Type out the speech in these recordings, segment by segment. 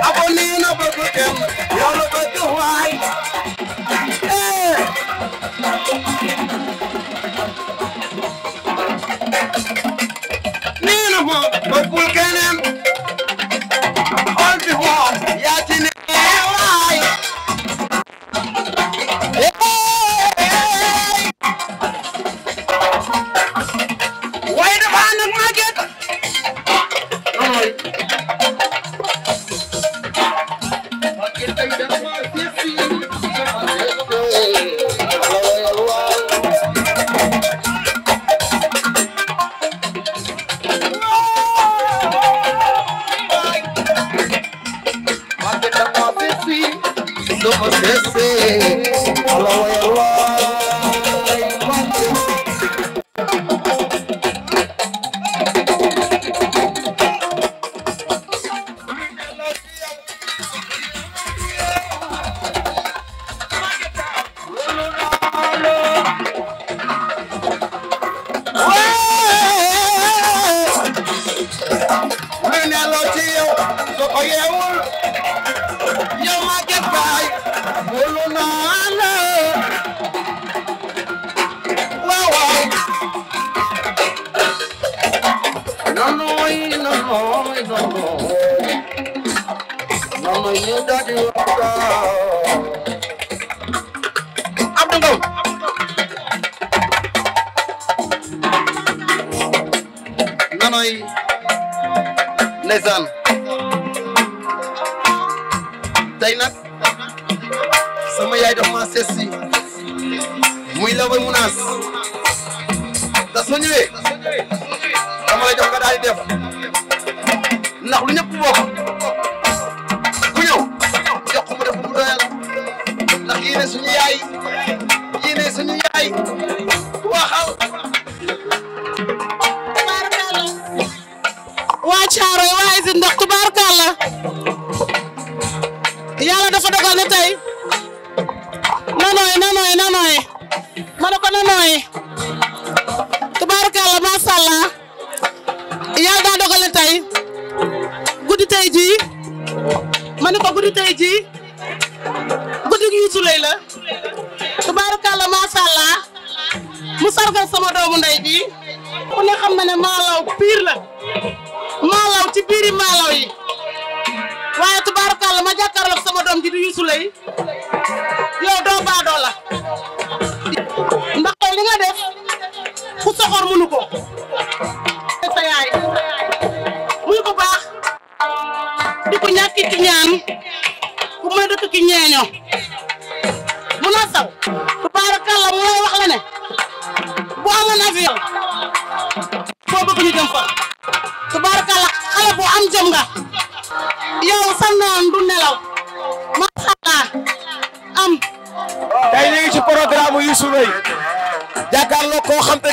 abonné na bëgg tey nag sama yaay daf ma sees si muy la bay munaas te soo ñëwee dama lay jox daal def ndax lu ñëpp bokk ku ñëw jox ko mu def mu doyal ndax suñu yaay yéene suñu yaay waxal tubaarkalla waa Caaroy waa Isin ndax tubaarkalla nooy na nooy ma ne ko na nooy tubaarkalla macha allah yàlla daa dogale tey guddi tey jii ko guddi tey jii guddi gi Youssou Laye la tubaarkalla macha allah mu sargal sama doomu ndey ji ku ne xam ne maalaw piir la maalaw ci biiri maalaw yi waaye tubaarkalla ma jàkkaarloog sama doom ji di Youssou Laye yow góor mënu ko sa yaay muy ko ñaan ku may dëkk ki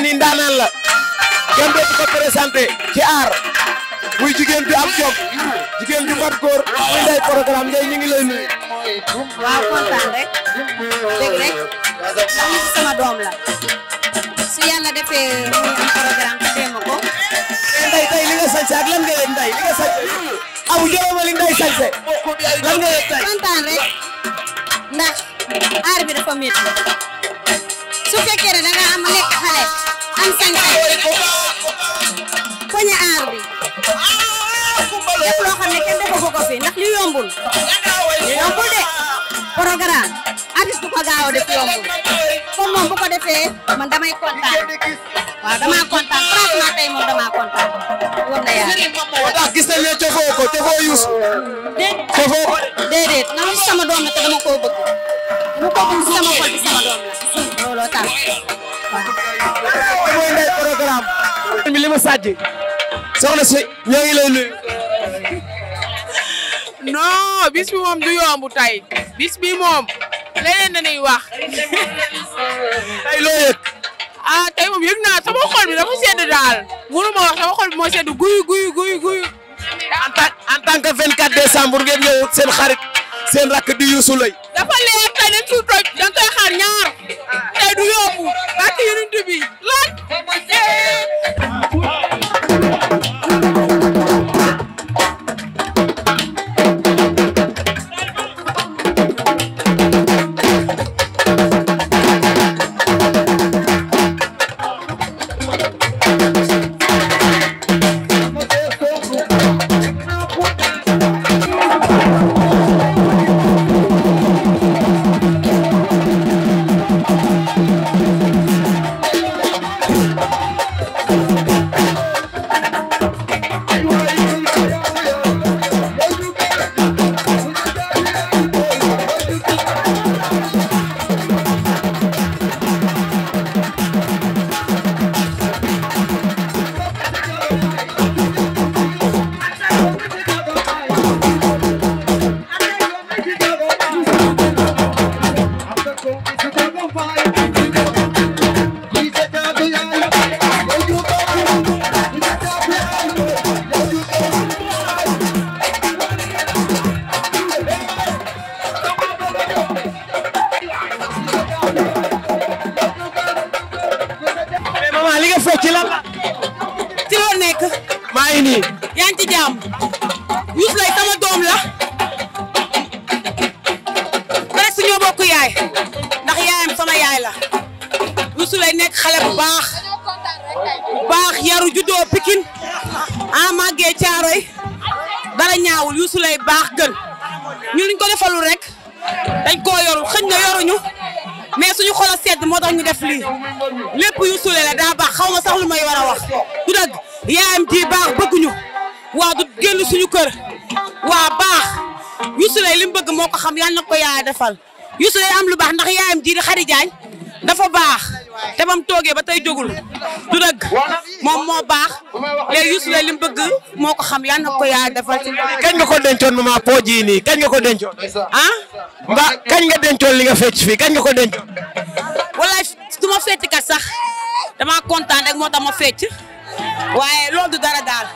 ni ndaanaan la kenn dootu ko présenté ci aar muy jigéen bi am jom jigéen ju mat góor muy day programme ngay ñu ngi lay nuyu. waaw kontaan rek dégg rek moom sama doom li nga sañse ak lan nga yëg Ndeye li nga li Ndeye sañse lan nga kontaan rek ndax aar bi dafa métti su fekkee ne da nga am nekk xale. am sañ-sañ poñe aar bi lépp loo ne kenn defagu ko fi ndax li yombul yombul de programme artiste bu ko gaaw a def yombul comme bu ko defee man damay kontaan waaw damaa kontaan franchement tey moom damaa kontaan wóor na yàlla. moo tax gis nañ na sama doom dama koo bëgg ko bëgg sama xol bi sama doom jéem a sàjj soxna si ñoo ngi lay nuyu. non bi moom du yomb tey bis bi moom leneen dañuy wax. tey loo yëg. ah tey moom yëg naa sama xol bi dafa sedd daal mënu ma wax sama xol bi moo sedd guy guy guy guy. en tant en tant que 24 décembre ngeen ñëw seen xarit. seen rakk di Youssou Leye. dafa leer tey dañ suul toj dañ koy xaar ñaar tey du yóbbu ak yeneen bi lan. ci la. ci loo nekk. maa ngi nii. yaa ngi ci jàmm. Youssou Laye sama doom la. presque ñoo bokk yaay. ndax yaayam sama yaay la. Youssou nekk xale bu baax. bu baax yaru juddoo Pikine. ah màggee Caaroy. dara ñaawul Youssou baax gën. ñu liñ ko defalul rek. dañ koo yorul xëñ na yoruñu. mais suñu xol a sedd moo tax ñu def li lépp yu la daa baax xaw ma sax lu may war a wax du dëgg yaayam ji baax bëgguñu waa du génn suñu kër waa baax yu li mu bëgg moo ko xam yàlla na ko yaay defal yu sule lu baax ndax yaayam ji di xari dafa baax te bam toogee ba tey jógul du dëgg moom moo baax léegi Youssou Ndoye li mu bëgg moo ko xam yal na ko yaay defal ci. kañ nga ko dencoon maman Po ji nii kañ nga ko dencoon. ah ba kañ nga dencoon li nga fecc fii kañ nga ko dencoon. walaay du ma fecc ka sax dama kontaan rek moo tax ma fecc waaye loolu du dara daal.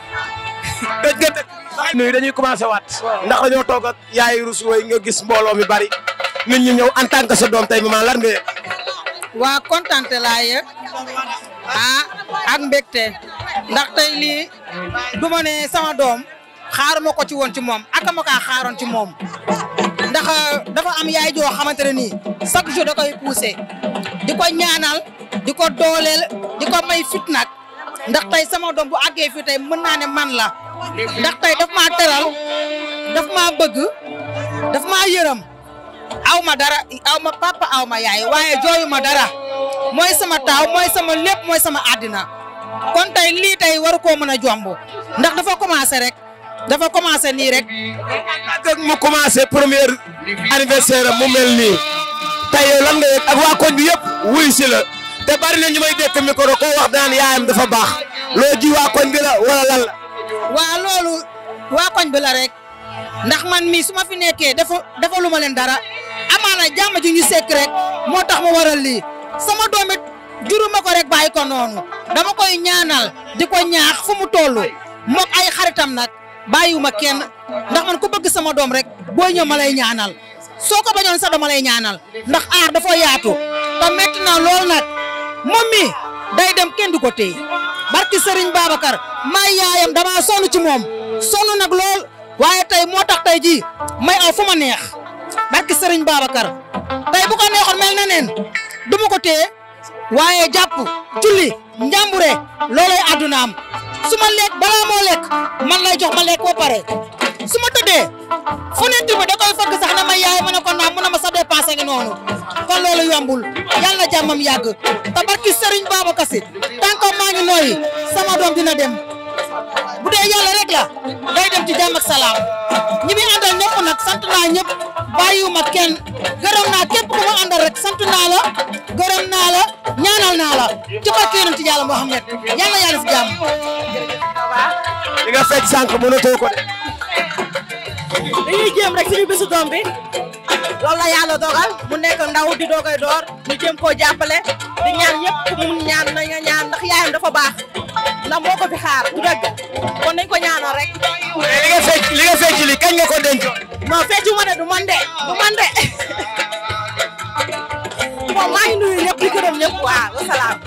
nuyu dañuy commencé waat ndax dañoo toog ak yaay Youssou Ndoye nga gis mbooloo mi bari nit ñi ñëw en tant que sa doom tey maman lan nga waa kontante laa yëg ah ak mbégte ndax lii du ma ne sama doom xaaruma ko ci woon ci moom ak ma kaa xaaroon ci moom ndax ah, dafa am yaay joo xamante ne nii chaque jour da koy poussé di ko ñaanal di ko dooleel di ko may fit nag ndax tey sama doom bu àggee fii tey mën naa ne man la ndax tey daf maa teral daf maa bëgg daf maa yërëm aw ma dara aw ma papa aw ma yaay waaye jooyu ma dara mooy sama taaw mooy sama lépp mooy sama àddina kon tey lii tey waru koo mën a jomb ndax dafa commencé rek dafa commencé nii rek. ak ma commencé premier anniversaire am mu mel nii tey yow waa koñ bi yëpp wuy si la te bari na ñu may dégg micro koo wax daan yaayam dafa baax loo ji waa koñ bi la wala loolu waa koñ bi la rek ndax man mii su ma fi nekkee dafa dafa leen dara. amaana jàmm ji ñu sekk rek moo tax mu waral lii sama doom it juruma ko rek yi ko noonu dama koy ñaanal di ko ñaax fu mu toll mook ay xaritam nag bàyyiwuma kenn ndax man ku bëgg sama doom rek booy ñëw ma lay ñaanal soo ko bañoon sax dama lay ñaanal ndax aar dafa yaatu te metti na lool nag moom day dem kenn du ko téye barki Serigne Babacar may yaayam dama sonn ci moom sonn nag lool waaye tey moo tax tey jii may aw fu ma neex. barki Serigne Babacar tey bu ko neexoon mel na du ma ko téye waaye jàpp julli njàmbure loolay àddunaam su ma lekk balaa moo lekk man lay jox ma lekk ba pare su ma tëddee fenêtre bi da koy fëgg sax na ma yaay ma ne ma sa dépassé nga noonu kon loolu yombul yàlla na jàmmam yàgg te barki Serigne Babacar si tant maa ngi nooyi sama doom dina dem. bu dee yàlla rek la dem ci jàmm ak salaam ñi muy àndal ñëpp nag sant naa ñëpp bàyyiwuma kenn gërëm naa képp ku ma àndal rek sant naa la gërëm naa la ñaanal naa la ci barke yonent ci yàlla Muhammad yàlla yàlla si jàmm. li nga fekk sànq jéem rek suñu bisu doom bi. loolu la yàlla dogal mu nekk ndaw di doo koy door ñu jéem koo jàppale di ñaan ñëpp ku mun ñaan na nga ñaan ndax yaayam dafa baax ndax ko fi xaar du dëgg kon nañ ko ñaanal rek. li nga fecc li nga fecc li kañ nga ko denc. non feccu ma ne du man de du man de bon maa ngi nuyu di gërëm ñëpp waaw wasalaam.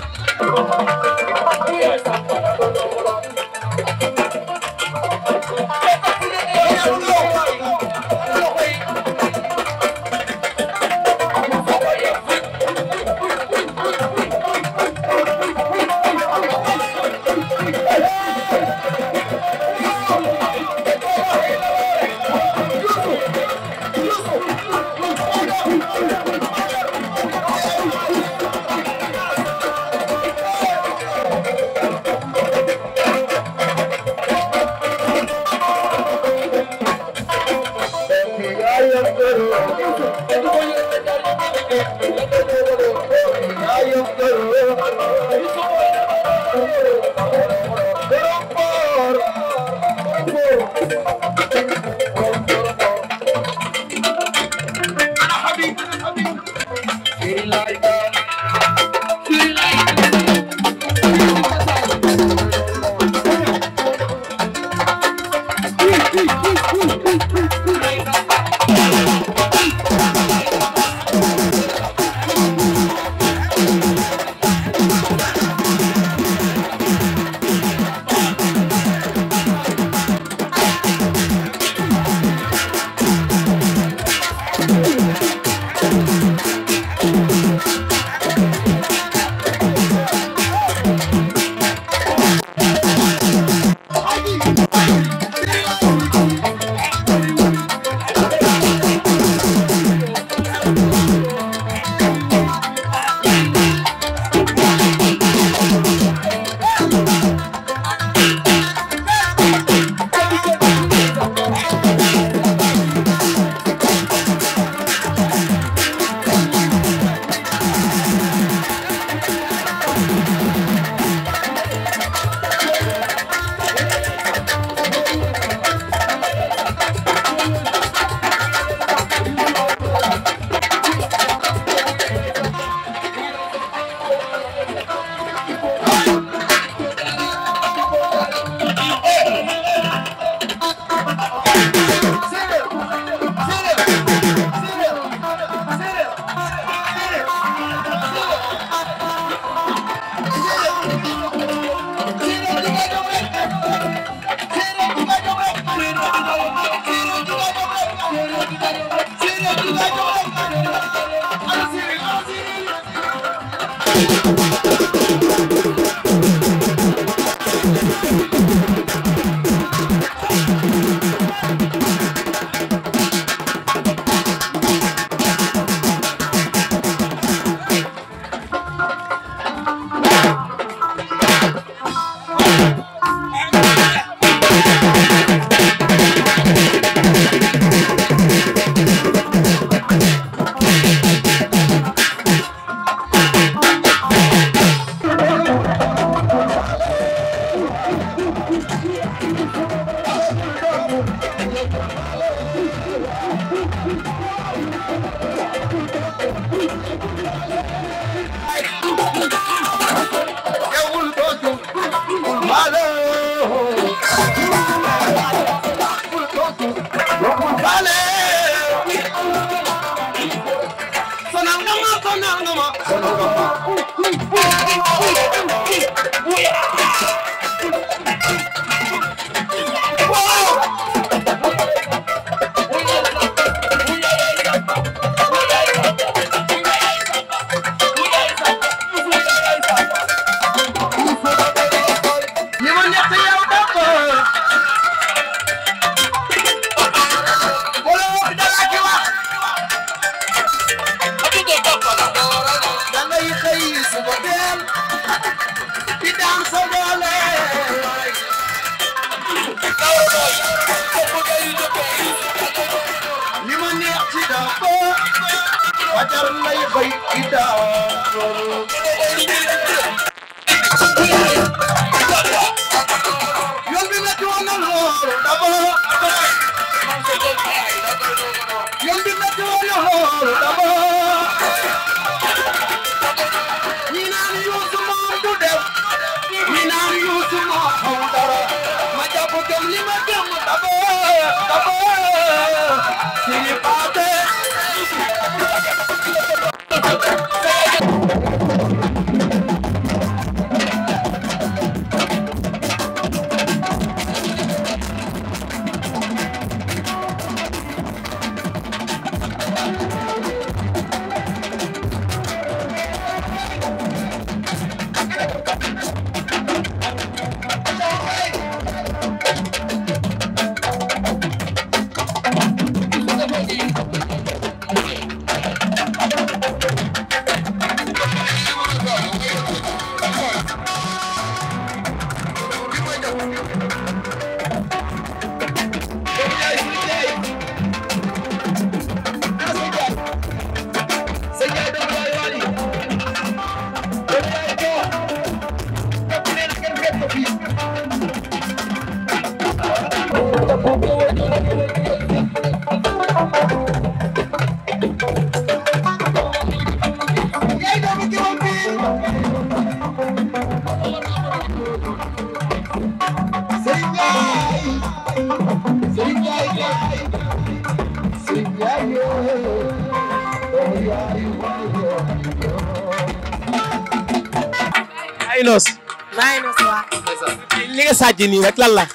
ji nii rek lan la.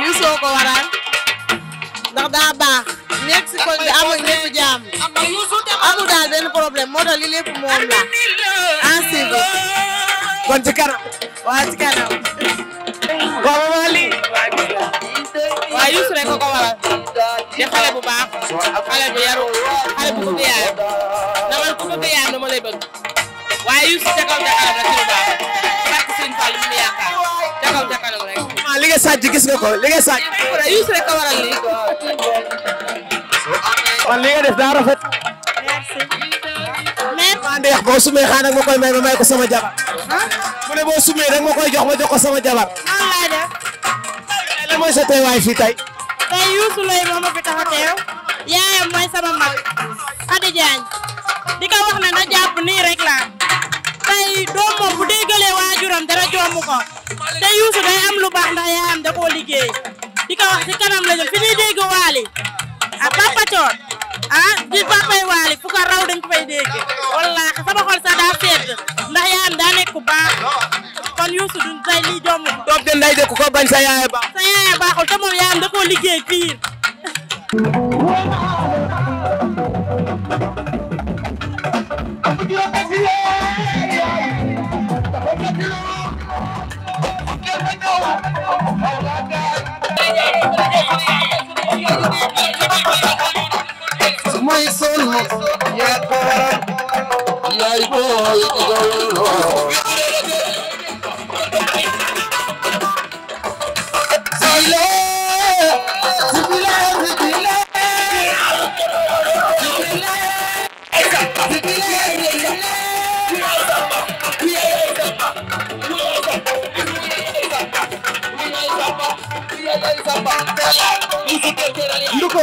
ñu soo ko waral ndax daa baax. nekk si koñ bi amul ñëpp jaam amul daal benn problème moo tax li lépp moom la en suivant. kon ci kanam. waa ci kanam. waaw waaw lii. waaw Youssou rek ko ko waral. di xale bu baax. xale bu yaru xale bu bëgg yaayam. dama ku bëgg yaayam dama lay bëgg. waaye Youssou ca kaw ca kanam rek ci lu baax. ngay sàcc gis nga ko li ngay sàcc. Youssou rek a waral lii. kon li nga ko sama jabar. mu ne boo sumee rek ma koy jox ma jox ko sama jabar. man laa def. lan mooy sa teewaay fii tey. tey Youssou Ndoye moom a fi tax yaayam mooy sama mag. Adi Diagne. wax ne na jàpp nii rek tey doom moom bu déggalee waajuram dara joomu te Youssou day am lu baax ndax yaayam da koo liggéey di ko wax ci kanam la jëm fi ñuy dégg waali ah Papa Thione ah di papay waali fu ko raw dañ ko dégg wallaahi sama xol sax daa sedd ndax yaayam daa ku baax kon Youssou du tey lii joomu ko. toog de nday ku ko sa yaay baax. te moom yaayam da koo liggéey fiir. may sonn yaa ko waral yaay booy dawloo Yeah. nduko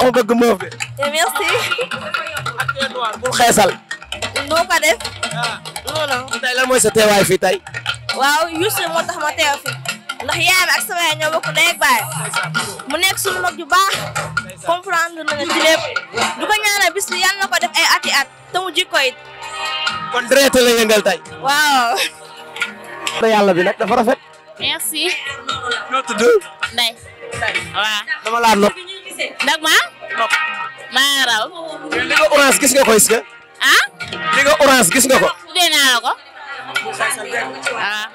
tax mu bëgg moof bi. Eh, merci. ak xeesal. doo ko def. non ah. non. mooy sa teewaay fii tey. waaw Youssou moo tax ma teew fi ndax yaayam ak sama yaay ñoo bokk ndey ak baay mu nekk suñu mag ju baax na ci lépp du ko bis bi yàlla na ko def ay ati at te mu jikko it. kon la yëngal tey. waaw. yàlla bi nag dafa rafet. merci. noo tudd. Ndeye. waaw dama laa dag ma nopp maa raw li nga gis nga ko est-ce ah li nga gis nga ko tuddee naa la ko ah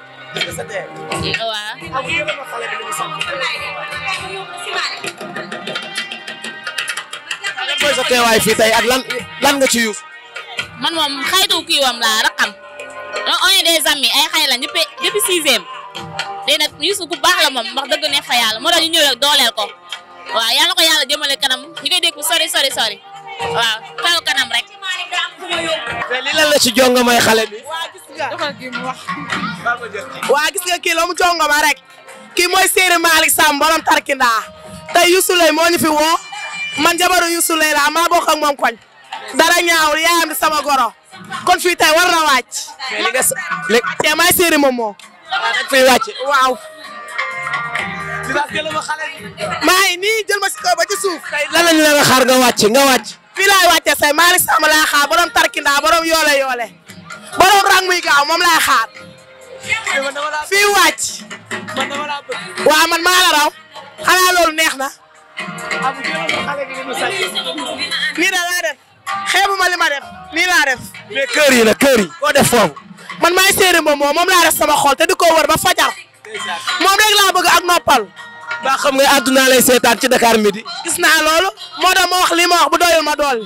lan mooy sa teewaay fii tey ak lan lan nga ci yuuf man moom xaytu kii wam laa raqam non on est des amis ay xay la ñëpp depuis sixième léegi nag Youssou bu baax la moom wax dëgg neex fa yàlla moo tax ñu ñëw dooleel ko waaw yàlla ko yàlla jëmale kanam ñi koy dégg sori sori sori waaw kaw kanam rek. jongo may xale bi. waa gis kii la mu jongo ma rek. kii mooy Serigne Malick Sam borom Tarkinda tey Youssou Leye moo ñu fi woo man jabaru Youssou Leye laa maa bokk ak moom koñ dara ñaawul yaayam di sama kon fii tey war na te may Serigne moom moo. Libaas jël ma maa ngi nii jël si kaw ba ci suuf. tey lan la xaar nga wàcc nga wàcc. fii laay wàccee say Malick Samb laa xaar borom tarkindaa borom yoole yoole borom rang muy gaaw moom laay xaar. fii wàcc. man man maa raw. xanaa loolu neex na. abu jëloon mu sàcc. nii da laa def. xeebu ma li ma def nii laa def. mais kër yi la kër yi. koo def man laa def sama xol te di ko wër ba fajar. moom rek laa bëgg ak noppal. ba xam nga àdduna lay seetaan ci Dakar midi. gis naa loolu moo tax ma wax li ma bu doyul ma dool.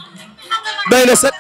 doy na set.